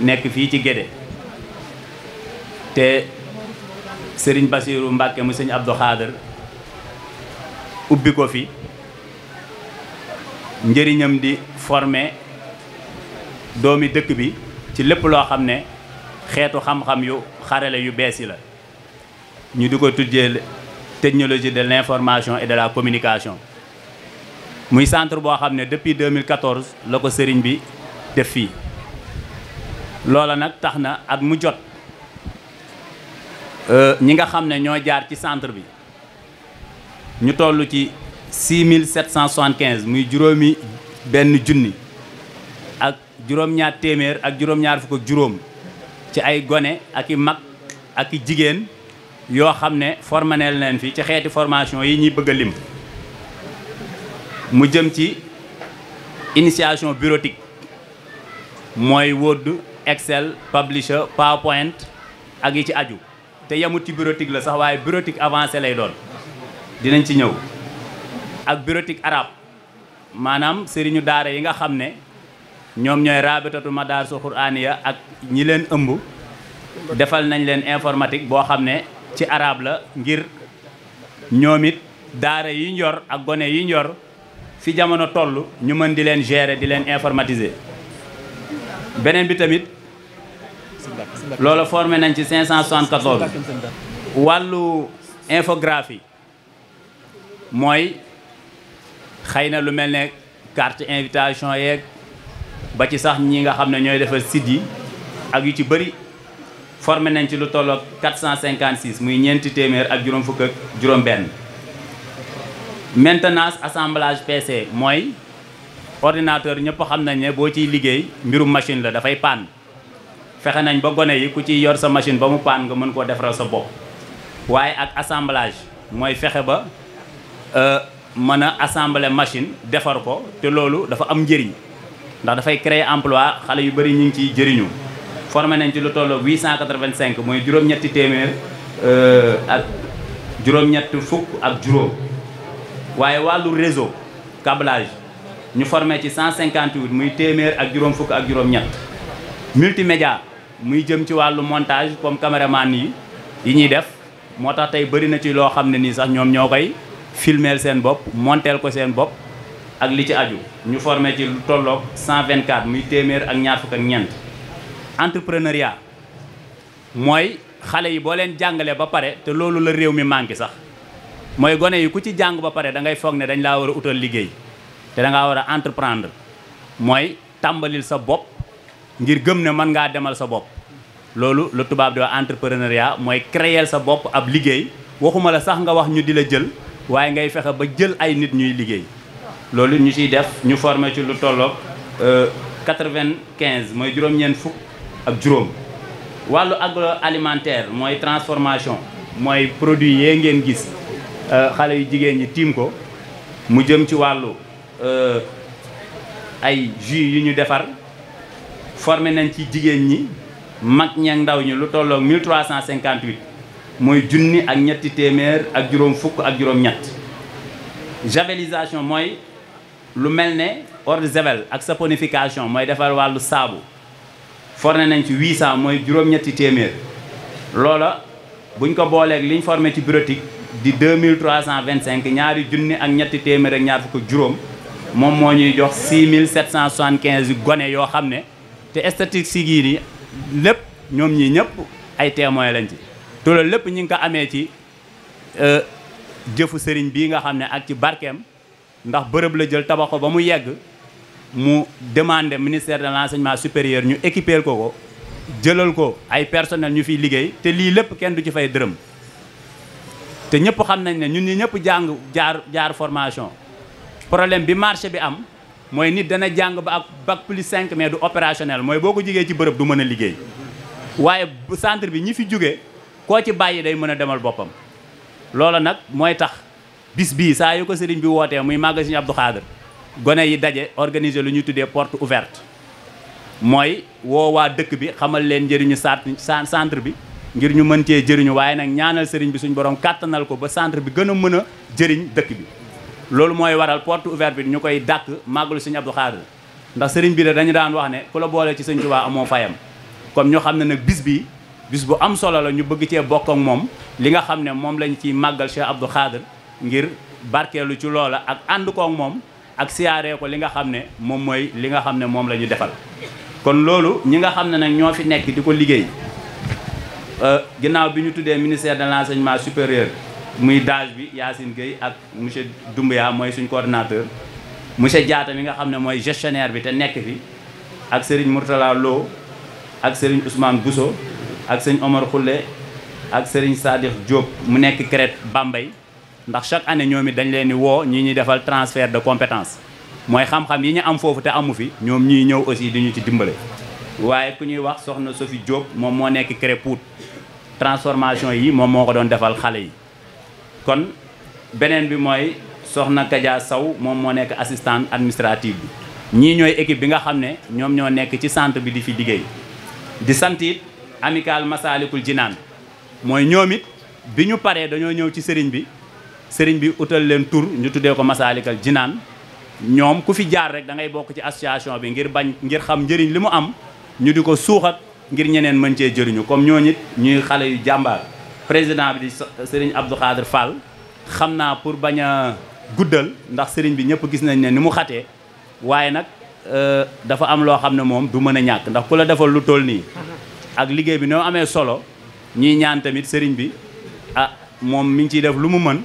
nekk fii ci Guédé te sëriñ Bassirou Mbacke mu sëñ Abdou Khader ubbi ko fi njëriñam di former doomi dëkk bi ci lépp loo xam ne xeetu xam-xam yu xarale yu bees yi la ñu di ko tuddee technologie de l'information et de la communication muy centre boo xam ne depuis 2014 la ko sëriñ bi def fii loola nag tax na ak mu jot euh, ñi nga xam ne ñoo jaar ci centre bi ñu toll ci 6775 muy juróomi benn junni ak juróom-ñaar téeméer ak juróom-ñaar fukk ak juróom ci ay gone ak i mag ak i jigéen yoo xam ne formaneel leen fi ci xeeti formation yi ñuy bëgg lim mu jëm ci initiation bureautique mooy wodd Excel Publisher PowerPoint ak yi ci aju te yemut ci bureautique la sax waaye bureautique avancé lay doon dinañ ci ñëw ak bureautique arabe maanaam sëriñu daara yi nga xam ne ñoom ñooy raabitatu madaarisul quraaniya ak ñi leen ëmb defal nañ leen informatique boo xam ne ci arabe la ngir ñoom it daara yi njor ak gone yi njor fi jamono toll ñu mën di leen gérer di leen informatiser beneen bi tamit loolu formé nañ ci 574. wàllu infographie mooy xëy na lu mel ne carte invitation yeeg ba ci sax ñi nga xam ne ñooy defar site ak yu ci bëri formé nañ ci lu tolloog 456 muy ñeenti téeméer ak juróom fukk ak juróom-benn. maintenance assemblage PC mooy ordinateur ñëpp xam nañ ne boo ciy liggéey mbirum machine la dafay panne. fexe nañ ba gone yi ku ciy yor sa machine ba mu paan nga mën koo defaral sa bopp waaye ak assemblage mooy fexe ba euh, mën a assembler machine defar ko te loolu dafa am njëriñ ndax dafay créer emploi xale yu bëri ñu ngi ciy jëriñu formé nañ ci lu toll 885 mooy juróom-ñetti téeméer euh, ak juróom-ñett fukk ak juróom waaye wàllu réseau câblage ñu formé ci 158 muy téeméer ak juróom fukk ak juróom-ñett multimédia muy jëm ci wàllu montage comme caméraman yi yi ñuy def moo tax tey bëri na ci loo xam ne nii sax ñoom ñoo koy filmeel seen bopp monteel ko seen bopp ak li ci aju ñu formé ci lu tolloog 124 muy téeméer ak ñaar fukk ak ñeent entrepreneuriat mooy xale yi boo leen jàngalee ba pare te loolu la réew mi manqué sax mooy gone yi ku ci jàng ba pare da ngay foog ne dañ laa war a utal liggéey te da ngaa war a entreprendre mooy tàmbalil sa bopp ngir gëm ne mën ngaa demal sa bopp loolu la tubaab di wax mooy créel sa bopp ab liggéey waxuma la sax nga wax ñu di la jël waaye ngay fexe ba jël ay nit ñuy liggéey loolu ñu ciy def ñu formé ci lu tolloog euh, quatre-vingt-quinze mooy juróom-ñeent fukk ak juróom wàllu alimentaire mooy transformation mooy produit yee ngeen gis euh, xale yu jigéen ñi tiim ko mu jëm ci wàllu euh, ay jus yu ñu defar formé nañ ci jigéen ñi mag ñi ndaw ñi lu tolloog 1358 mooy junni ak ñetti téeméer ak juróom fukk ak juróom ñett javelisation mooy lu mel ne eau de ak sa ponification mooy defar wàllu saabu formé nañ ci 800 mooy juróom-ñetti téeméer loola buñ ko booleeg liñ formé ci bureautique di 2325 ñaari junni ak ñetti téeméer ak ñaar fukk juróom moom moo ñuy jox 6775 gone yoo xam ne te statistiques yii yi lépp ñoom ñii ñëpp ay témoins lañ ci te lépp ñu ngi ko amee ci euh, jëfu sëriñ bii nga xam ne ak ci barkeem ndax bërëb la jël tabax ko ba mu yegg mu demandé ministère de l'enseignement supérieur ñu équiper ko ko jëlal ko ay personnel ñu fiy liggéey te lii lépp kenn du ci fay dërëm te ñëpp xam nañ ne ñun ñi ñëpp jàng jaar jaar formation problème bi marché bi am mooy nit dana jàng ba ak bac plus 5 mais du opérationnel mooy boo ko jigee ci bërëb du mën a liggéey waaye centre bi ñi fi jóge koo ci bàyyi day mën a demal boppam loola nag mooy tax bis bii saa yu ko sëriñ bi wootee muy magasin Abdou Khadre gone yi daje organiser lu ñuy tuddee porte ouverte mooy woowaa dëkk bi xamal leen njëriñu sa centre bi ngir ñu mën cee jëriñu waaye nag ñaanal sëriñ bi suñ borom kàttanal ko ba centre bi gën a mën a jëriñ dëkk bi loolu mooy waral porte ouverte bi ñu koy dàkk màggalu sëñ Abdou Khadre ndax sëriñ bi de dañu daan wax ne ku la boole ci sëñ Tuubaa amoo fayam kon ñu xam ne nag bis bi bis bu am solo la ñu bëgg cee bokk moom li nga xam ne moom lañ ciy màggal Cheikh Abdou Khadre ngir barkeelu ci loola ak ànd koog moom ak siyaaree ko li nga xam ne moom mooy li nga xam ne moom la ñu defal. kon loolu ñi nga xam ne nag ñoo fi nekk di ko liggéey euh, ginnaaw bi ñu tuddee ministère de l'enseignement supérieur. muy daaj bi Yacine Gueye ak monsieur Doumbia mooy suñ coordinateur monsieur Diatta mi nga xam ne mooy gestionnaire bi te nekk fi ak Serigne Mourtala Lo ak Serigne Ousmane Bousso ak sëñ Omar Khoule ak Serigne Sadikh Diop mu nekk CRET Bambey ndax chaque année ñoom it dañ leen di woo ñi ñuy defal transfer de compétence mooy xam-xam yi ñu am foofu te amu fi ñoom ñuy ñëw aussi di ñu ci dimbale waaye ku ñuy wax soxna Sophie Diop moom moo nekk CRET Pout transformation yi moom moo ko doon defal xale yi kon beneen bi mooy soxna Kaja Sow moom moo nekk assistante administrative bi ñii ñooy équipe bi nga xam ne ñoom ñoo nekk ci centre bi di fi liggéey di sant it amical Masaalikul Jinaan mooy ñoom it bi ñu paree dañoo ñëw ci sëriñ bi sëriñ bi utal leen tur ñu tuddee ko Masaalikal Jinaan ñoom ku fi jaar rek dangay bokk ci association bi ngir bañ ngir xam njëriñ li mu am ñu di ko suuxat ngir ñeneen mën cee jëriñu comme ñooñu it ñuy xale yu jàmbaar président bi di Serigne Abdou Khadir Fall xam naa pour bañ a guddal ndax sëriñ bi ñëpp gis nañ ne ni mu xatee waaye nag euh, dafa am loo xam ne moom du mën a ñàkk ndax ku la defal lu tool nii ak liggéey bi noo amee solo ñuy ñaan tamit sëriñ bi ah moom mi ngi ciy def lu mu mën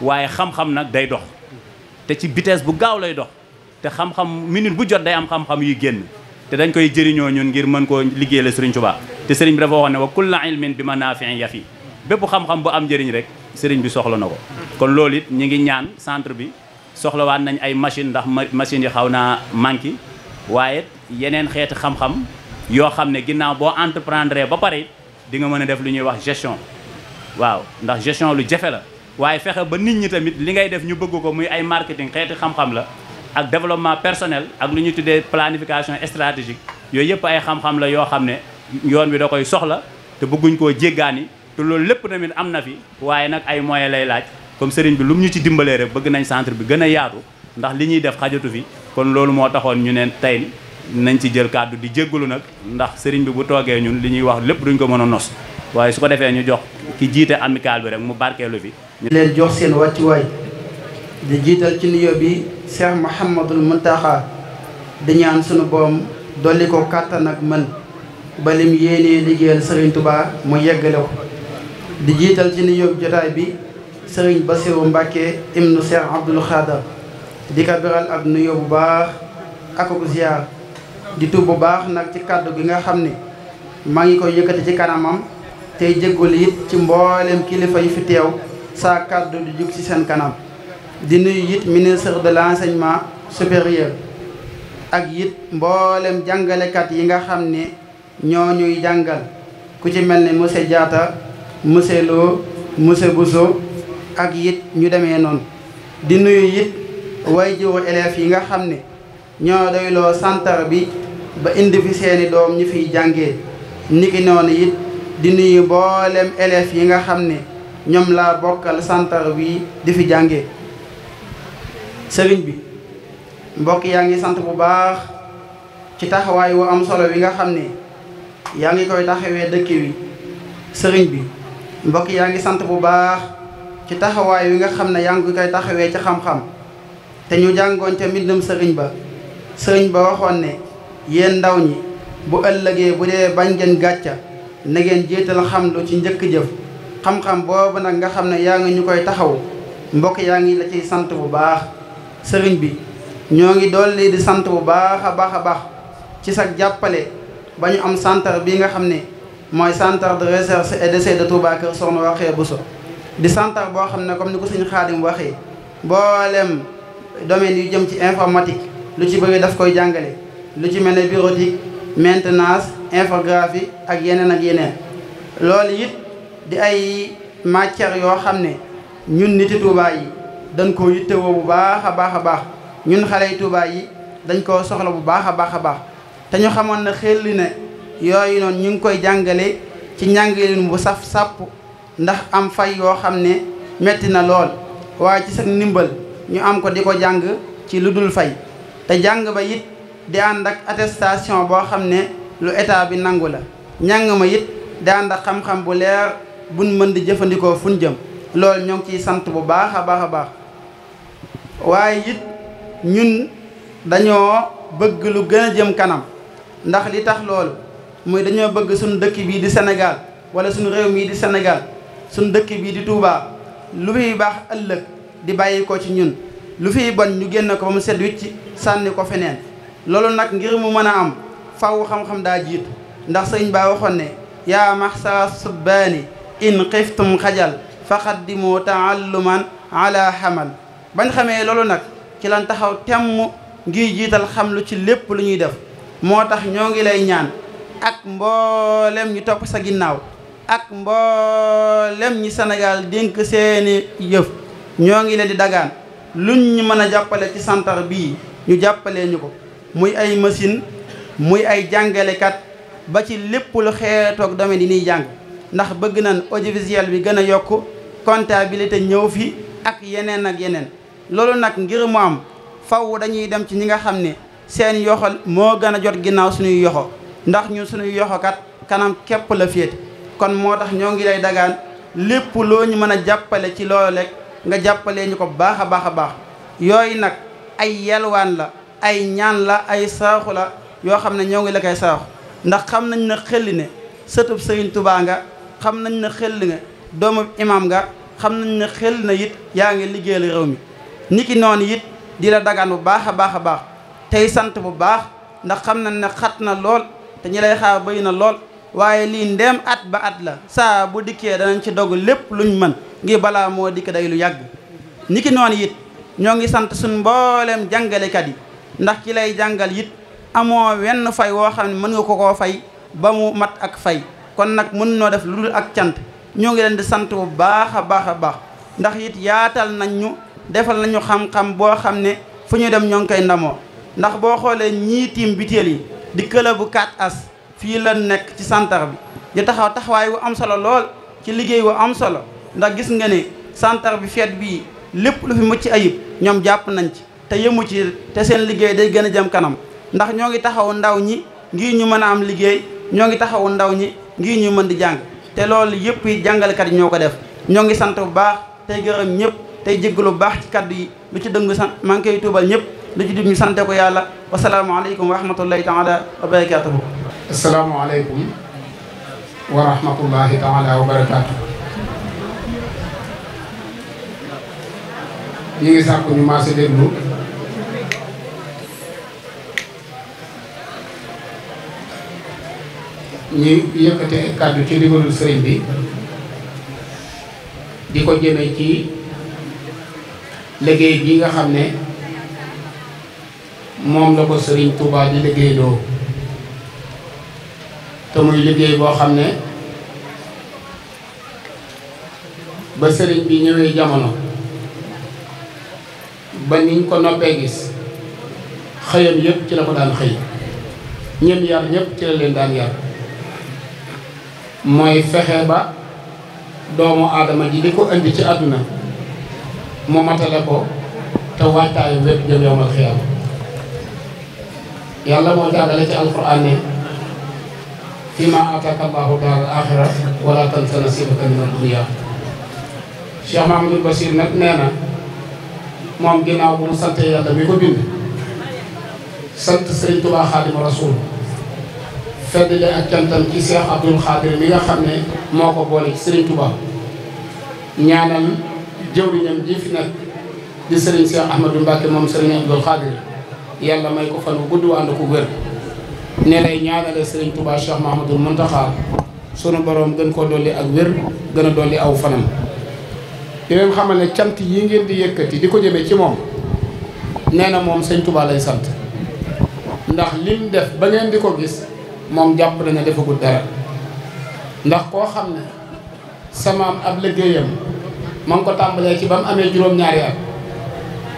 waaye xam-xam nag day dox te ci vitesse bu gaaw lay dox te xam-xam minute bu jot day am xam-xam yuy génn te dañ koy jëriñoo ñun ngir mën koo liggéey la Serigne Touba te Serigne bi dafa waxoon ne wa kulla ilmin bi ma naafiin yafi bépp xam-xam bu am njëriñ rek sëriñ bi soxla na ko kon loolu it ñi ngi ñaan centre bi soxlawaat nañ ay machine ndax machine yi xaw naa manqué waaye yeneen xeeti xam-xam yoo xam ne ginnaaw boo entreprendre ba pare di nga mën a def lu ñuy wax gestion waaw ndax gestion lu jafe la waaye fexe ba nit ñi tamit li ngay def ñu bëgg ko muy ay marketing xeeti xam-xam la ak développement personnel ak lu ñuy tuddee planification stratégique yooyu yëpp ay xam la yoo xam ne yoon wi da koy soxla te bëgguñ koo jéggaani te loolu lépp tamit am na fi waaye nag ay moyens lay laaj comme sëriñ bi lu mu ñu ci dimbalee rek bëgg nañ centre bi gën a yaatu ndax li ñuy def xajatu fi kon loolu moo taxoon ñu ne tey nañ ci jël kàddu di jéggalu nag ndax sëriñ bi bu toogee ñun li ñuy wax lépp duñ ko mën a nos waaye su ko defee ñu jox ki jiite amical bi rek mu barkeelu fi. ñu leen jox seen wàccuwaay di jiital ci nuyoo bi Cheikh Mouhamadul Mountakha di ñaan sunu boom dolli ko kattan ak mën ba lim yéenee liggéeyal Serigne mu yeggale di jiital ci nuyoo jotaay bi sëriñ Basiru Mbàkke ibnu Seex Abdul Xaadar di ko biral ab nuyoo bu baax ak ak ziyaar di tub bu baax nag ci kàddu gi nga xam ni maa ngi koy yëkkati ci kanamam tey jéggul it ci mboolem kilifa yi fi teew sa kàddu di jug ci seen kanam di nuyu it ministre de l'enseignement supérieur ak it mboolem jàngalekat yi nga xam ni ñoo ñuy jàngal ku ci mel ni monsieur Diatta monsieur Lo monsieur Bousso ak yit ñu demee noonu di nuyu it way jiwu élèves yi nga xam ni ñoo doyloo santar bi ba indi fi seeni doom ñu fiy jàngee niki noonu it di nuyu mboolem élèves yi nga xam ne ñoom laa bokkal santar bi di fi jànge sëriñ bi mbokk yaa ngi sant bu baax ci taxawaay wu am solo wi nga xam ni yaa ngi koy taxawee dëkk wi sëriñ bi mbokk yaa ngi sant bu baax ci taxawaay wi nga xam ne yaa ngi koy taxawee ci xam-xam te ñu jàngoon ca mbindum sëriñ ba sëriñ ba waxoon ne yéen ndaw ñi bu ëllëgee bu dee bañ ngeen gàcca na ngeen jiital xam lu ci njëkk jëf xam-xam boobu nag nga xam ne yaa ngi ñu koy taxaw mbokk yaa ngi la ciy sant bu baax sëriñ bi ñoo ngi dolli di sant bu baax a baax a baax ci sa jàppale ba ñu am santar bi nga xam ne mooy centre de recherche et d'essai de Touba Kër Soxna Rokhaya Bousso di centre boo xam ne comme ni ko suñu xaadim waxee mboolem domaine yu jëm ci informatique lu ci bëri daf koy jàngale lu ci mel ne bureautique maintenance infographie ak yeneen ak yeneen loolu it di ay matières yoo xam ne ñun niti tuubaay yi dañ koo yittewoo bu baax a baax a baax ñun xale yi Touba yi dañ koo soxla bu baax a baax a baax te ñu xamoon na xel ne yooyu noonu ñu ngi koy jàngale ci njàngaleen bu saf sàpp ndax am fay yoo xam ne metti na lool waaye ci sa ndimbal ñu am ko di ko jàng ci lu dul fay te jàng ba it di ànd ak attestation boo xam ne lu état bi nangu la njàng ma it di ànd ak xam-xam bu leer buñ mën di jëfandikoo fuñ jëm loolu ñoo ciy sant bu baax a baax waaye it ñun dañoo bëgg lu gën a jëm kanam ndax li tax loolu muy dañoo bëgg suñu dëkk bii di senegal wala suñu réew mii di senegal suñu dëkk bii di tuubaa lu fiy baax ëllëg di bàyyi ko ci ñun lu fi bon ñu génn ko ba mu set ci sànni ko feneen loolu nag ngir mu mën a am faw xam-xam daa jiit ndax sëñ baa waxoon ne yaa maxsa subbaani in xiftum xajal faqaddimu taalluman ala xamal bañ xamee loolu nag ci lan taxaw temm ngir jiital xam lu ci lépp lu ñuy def moo tax ñoo ngi lay ñaan ak mboolem ñu topp sa ginnaaw ak mboolem ñi Sénégal dénk seeni yëf ñoo ngi leen di dagaan luñ ñu mën a jàppale ci santar bii ñu jàppalee ñu ko muy ay machine muy ay jàngalekat ba ci lépp lu xeetoog domaine yi niy jàng ndax bëgg nañ audiovisuel bi gën a yokk comptabilité ñëw fi ak yeneen ak yeneen loolu nag ngir mu am faw dañuy dem ci ñi nga xam ne seen yoxal moo gën a jot ginnaaw suñuy yoxo ndax suñu suñuy kat kanam képp la féete kon moo tax ñoo ngi lay dagaan lépp loo ñu mën a jàppale ci loolu rek nga jàppalee ñu ko baax a baax a baax yooyu nag ay yelwaan la ay ñaan la ay saaxu la yoo xam ne ñoo ngi la koy saaxu ndax xam nañu ne xelli ne sëtub sëriñ tubaa nga xam nañ ne xelli nga doomu imaam nga xam nañ ne xelli na it yaa ngi liggéeyal réew mi ñi ki noonu it di la dagaan bu baax a baax a baax tey sant bu baax ndax xam nañ ne xat na lool te ñi lay xaar bëri na lool waaye lii ndeem at ba at la saa bu dikkee danañ ci dog lépp luñ mën ngir balaa moo dikk day lu yàgg ki noonu it ñoo ngi sant suñ mbooleem jàngalekat yi ndax ki lay jàngal it amoo wenn fay woo xam ne mën nga ko koo fay ba mu mat ak fay kon nag mën noo def lu dul ak cant ñoo ngi leen di sant bu baax a baax a baax ndax it yaatal nañ ñu defal nañu xam-xam boo xam ne fu ñu dem ñoo ngi koy ndamoo ndax boo xoolee ñii tiim biteel yi di këla bu 4 as fii la nekk ci santar bi di taxaw taxawaay wu am solo lool ci liggéey wu am solo ndax gis nga ne santar bi feet bii lépp lu fi mucc ayib ñoom jàpp nañ ci te yëmu ci te seen liggéey day gën a jëm kanam ndax ñoo ngi taxaw ndaw ñi ngir ñu mën a am liggéey ñoo ngi taxaw ndaw ñi ngir ñu mën di jàng te loolu yëpp yi jàngalekat yi ñoo ko def ñoo ngi sant bu baax tey gërëm ñëpp tey jéggalu lu baax ci kaddu yi lu ci dëngu sant maa ngi koy tuubal ñëpp lu ci sante ko yàlla wasalaamualeykum wa rahmatullahi taala wa barakaatuhu. asalaamualeykum wa rahmatullahi taala ñu ngi sàkku ñu maase déglu. ñu yëkkate kàddu ci ndigalul sëriñ bi di ko jëme ci liggéey bi nga xam ne. moom la ko Serigne Touba di liggéeyloo te muy liggéey boo xam ne ba sëriñ bi ñëwee jamono ba niñ ko noppee gis xëyam yépp ci la ko daan xëy ñem yar ñépp ci la leen daan yar mooy fexe ba doomu aadama ji di ko indi ci àdduna mu matale ko te waajtaayu wépp jëm yow ma yàlla moo jàngale ci alquran ne fi ma ataka allahu daal axira wala tansa nasibaka min addunia Cheikh Mahamadou Bachir nag nee moom ginnaaw bu mu sant yàlla mi ko bind sant Sëriñ Tuubaa Xaadimu Rasuul feddle ak cantam ci Cheikh Abdoul Xaadir mi nga xam ne moo ko boole ci Sëriñ Tuubaa ñaanal jëwriñam ji nekk di Sëriñ Cheikh Ahmadou Mbacke moom Sëriñ Abdoul Xaadir yàlla may ko fan wu gudd ko wér ne lay ñaanale sëriñ Touba Cheikh Mahamadul Muntaxa sunu borom gën ko dolli ak wér gën a dolli aw fanam di leen xamal ne cant yi ngeen di yëkkati di ko jëmee ci moom nee na moom sëñ Touba lay sant ndax lim def ba ngeen di ko gis moom jàpp na defagul dara ndax koo xam ne sama am ab liggéeyam ma ngi ko tàmbalee ci ba mu amee juróom-ñaari at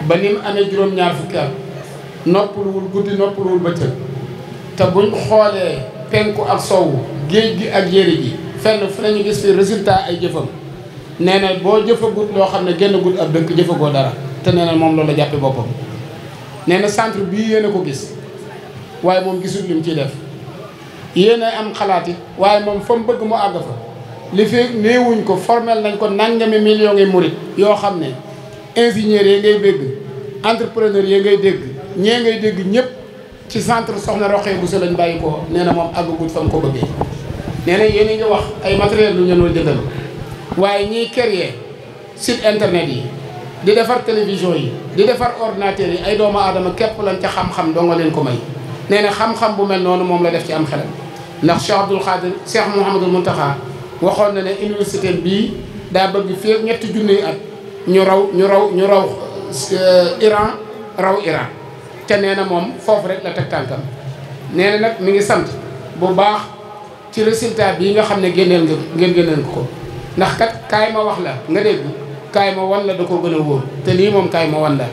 ba ni mu amee juróom-ñaar fukki at noppaluwul guddi noppaluwul bëccëg te buñ xoolee penku ak sowwu géej gi ak jéeri ji fenn fu nañu gis fi résultat ay jëfam nee na boo jëfagut loo xam ne génn gut ak dëkk jëfagoo dara te nee na moom loolu la jàppe boppam nee na centre bii yéen a ko gis waaye moom gisul lim ciy def yéen a am xalaat it waaye moom fa mu bëgg mu àgg fa li fi néewuñ ko formel nañ ko nangami million ngi murit yoo xam ne ingénieurs yee ngay bégg entrepreneurs yee ngay dégg ñee ngay dégg ñëpp ci centre Soxna Roxee Bousso lañ bàyyi ko nee na moom àggagut fa mu ko bëggee nee na yéen a ngi wax ay matériel lu ñu doon jëndal waaye ñiy créer site internet yi di defar télévision yi di defar ordinateur yi ay doomu aadama képp lañ ca xam-xam doo nga leen ko may nee na xam-xam bu mel noonu moom la def ci am xelam ndax Cheikh Abdoul Khadir Cheikh Mouhamadul Mountakha waxoon na ne université bii daa bëgg fii ñetti junni at ñu raw ñu raw ñu raw euh, Iran raw Iran te nee na moom foofu rek la teg tànkam nee na nag mi ngi sant bu baax ci résultat bii nga xam ne génneel nga ngeen génneel ko ndax kat kaay ma wax la nga dégg kaay ma wan la da koo gën a wóor te lii moom kaay ma wan la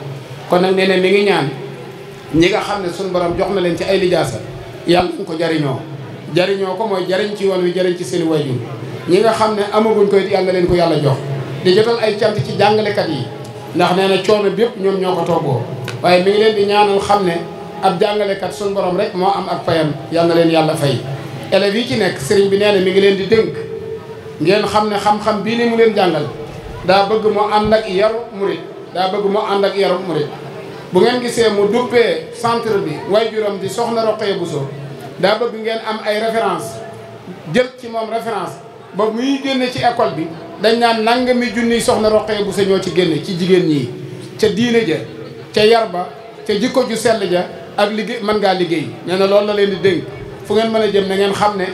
kon nag nee na mi ngi ñaan ñi nga xam ne suñu borom jox na leen ci ay lijaasa yàlla nañ ko jariñoo jariñoo ko mooy jariñ ci yoon wi jariñ ci seen wayjur ñi nga xam ne amaguñ ko it yàlla leen ko yàlla jox di jotal ay cant ci jàngalekat yi ndax nee na coono bépp ñoom ñoo ko toggoo waaye mi ngi leen di ñaanal xam ne ab jàngalekat suñu borom rek moo am ak fayam yal leen yàlla fay élèves yi ci nekk sëriñ bi nee na mi ngi leen di dénk ngeen xam ne xam-xam bii ni mu leen jàngal daa bëgg mu ànd ak yaru murit daa bëgg mu ànd ak yaru murit bu ngeen gisee mu duppee centre bi waajuram di soxna Roqaya Bousso daa bëgg ngeen am ay référence jël ci moom référence ba muy génne ci école bi dañ naan nangami junniy soxna Roqaya Bousso ñoo ci génne ci jigéen ñi ca diine ja ca yar ba ca jikko ju sell ja ak liggéey mën ngaa liggéey nee na loolu la leen di dénk fu ngeen mën a jëm na ngeen xam ne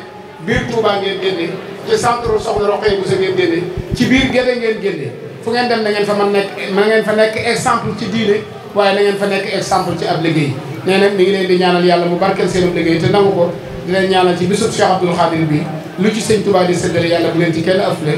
biir Touba ngeen génne ci centre soxna Rokhaya Bousso ngeen génne ci biir Gédé ngeen génne fu ngeen dem na ngeen fa man nekk na ngeen fa nekk exemple ci diine waaye na ngeen fa nekk exemple ci ab liggéey nee na mi ngi leen di ñaanal yàlla mu barkeel seenub liggéey te nangu ko di leen ñaanal ci bisub Cheikh Abdoul Khadir bi lu ci sëñ Touba di séddale yàlla bu leen ci kenn afle